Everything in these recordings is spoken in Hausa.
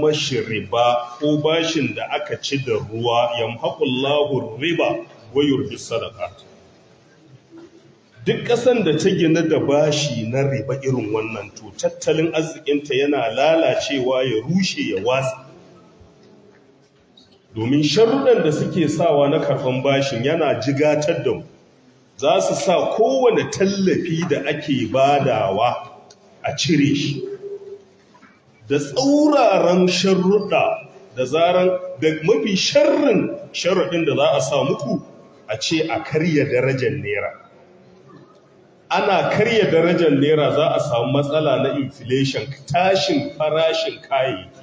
mashi riba ko bashin da aka ci da ruwa yamhaqullahu riba wayar yurbi duk ƙasan da ta gina da bashi na riba irin wannan to tattalin arzikinta yana lalacewa ya rushe ya watsa domin sharuɗan da suke sawa na karfan bashin yana jigatar da mu za su sa kowane tallafi da ake badawa a cire shi da tsauraran sharruɗa da zaran da mafi sharrin sharuɗin da za a sa muku a ce a karya darajar naira ana karya darajar naira za a samu matsala na inflation tashin farashin kayayyaki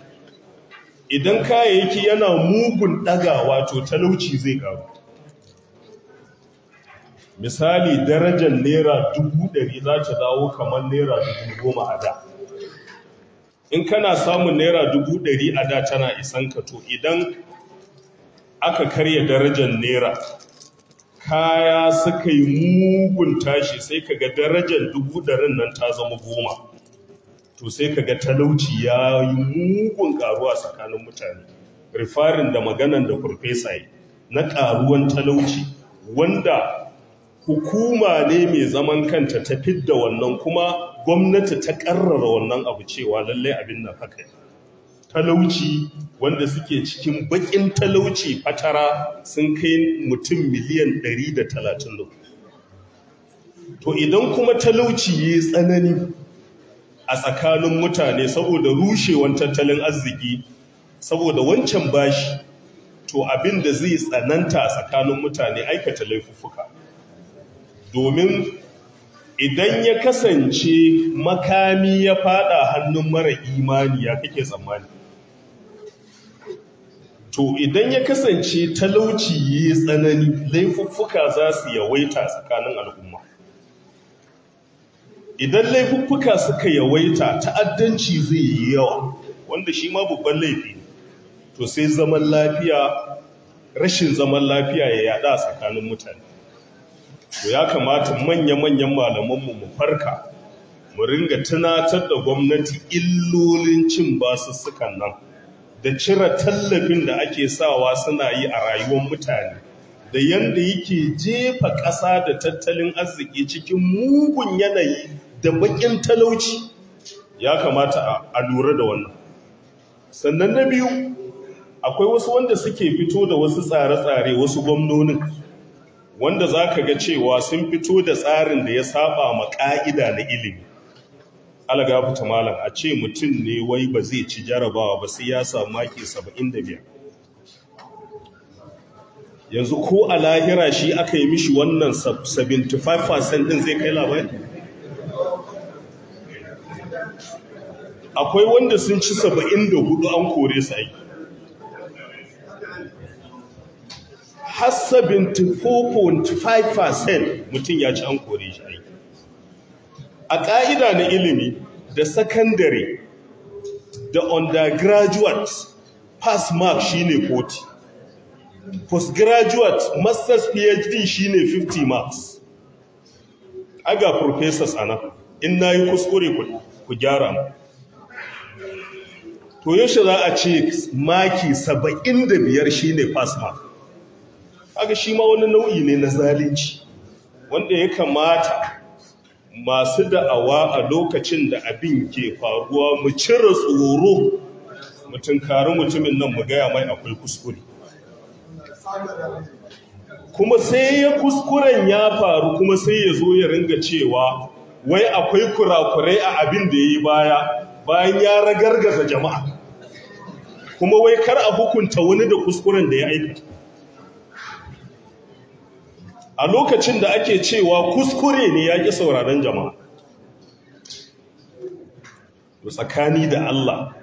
idan kayayyaki yana mugun ɗaga wato talauci zai ƙaru misali darajar naira dubu ɗari za ta dawo kamar naira dubu goma a da in kana samun naira dubu ɗari a da tana isan ka to idan aka karya darajar naira kaya suka yi mugun tashi sai ka ga darajar dubu ɗarin nan ta zama goma to sai ka ga talauci ya yi mugun ƙaruwa tsakanin mutane rifarin da maganan da farfesa yi na ƙaruwan talauci wanda hukuma ne mai zaman kanta ta fidda wannan kuma gwamnati ta karrara wannan abu cewa lallai abin nan haka ne talauci wanda suke cikin bakin talauci fatara sun kai mutum miliyan 130 to idan kuma talauci ya tsanani a tsakanin mutane saboda rushewan tattalin arziki saboda wancan bashi to abin da zai tsananta a tsakanin mutane aikata laifuffuka domin idan ya kasance makami ya fada hannun mara imani ya kake tsammani to idan ya kasance talauci ya yi tsanani laifuffuka za su yawaita tsakanin al'umma idan laifuffuka suka yawaita ta'addanci zai yi yawa wanda shi ma babban laifi to sai zaman lafiya rashin zaman lafiya ya yada tsakanin mutane to ya kamata manya-manyan malamanmu mu farka mu ringa tunatar da gwamnati illolin cin basussukan nan da cire tallafin da ake sawa suna yi a rayuwar mutane da yadda yake jefa ƙasa da tattalin arziki cikin mugun yanayi da baƙin talauci ya kamata a lura da wannan sannan na biyu akwai wasu wanda suke fito da wasu tsare-tsare wasu gwamnonin wanda za ka ga cewa sun fito da tsarin da ya saba ma ƙa'ida na ilimi alaga fita malam a ce mutum ne wai ba zai ci jarabawa ba sai ya samu maki 75 yanzu ko a lahira shi aka yi mishi wannan 75% din zai kai labari akwai wanda sun ci 74 an kore su aiki har 74.5% mutum ya ci an kore shi aiki a ƙa'ida na ilimi da sakandare da undergraduate pass mark shine 40 postgraduate master's phd shine 50 marks aga professors ana in na yi kuskure ku gyara mu to yaushe za a ce maki 75 shine pass mark kaga shi ma wani nau'i ne na zalunci wanda ya kamata masu da'awa a lokacin da abin ke faruwa mu cire tsoro mu tunkari mutumin nan mu gaya mai akwai kuskure kuma sai ya kuskuren ya faru kuma sai ya zo ya ringa cewa wai akwai kurakurai a abin da ya yi baya bayan ya ragargaza jama'a kuma wai kar a hukunta wani da kuskuren da ya aikata a lokacin da ake cewa kuskure ne ya ƙi sauraron jama'a tsakani da Allah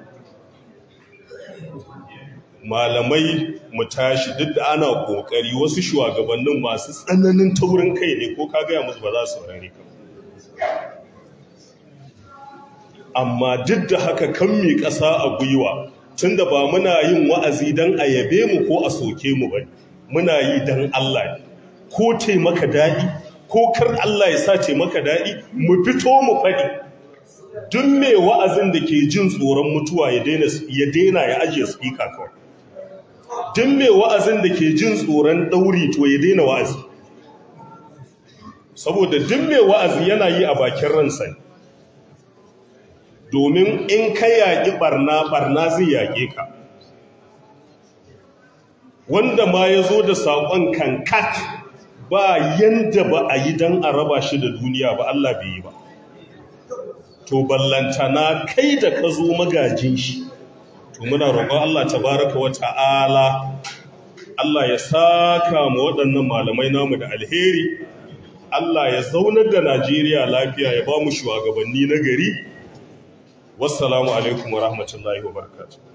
malamai mu tashi duk da ana ƙoƙari wasu shugabannin masu tsananin taurin kai ne ko ka gaya musu ba za su rari ka amma duk da haka kan mi ƙasa a gwiwa tun da ba muna yin wa'azi don a yabe mu ko a soke mu ba muna yi don Allah ne ko taimaka daɗi ko kar Allah ya sa taimaka daɗi mu fito mu faɗi duk mai wa'azin da ke jin tsoron mutuwa ya daina ya ajiye spika kawai duk mai wa'azin da ke jin tsoron ɗauri to ya daina wa'azi saboda duk mai wa'azi yana yi a bakin ransa domin in ka yaƙi ɓarna ɓarna zai yaƙe ka wanda ma ya zo da saƙon kankat ba yanda ba a yi don a raba shi da duniya ba Allah bai yi ba to ballanta na kai da ka zo magajin shi to muna roƙon Allah tabaraka wa ta'ala Allah ya saka mu waɗannan malamai namu da alheri Allah ya zaunar da Najeriya lafiya ya ba mu shugabanni na gari wassalamu alaikum wa rahmatullahi wa barakatuh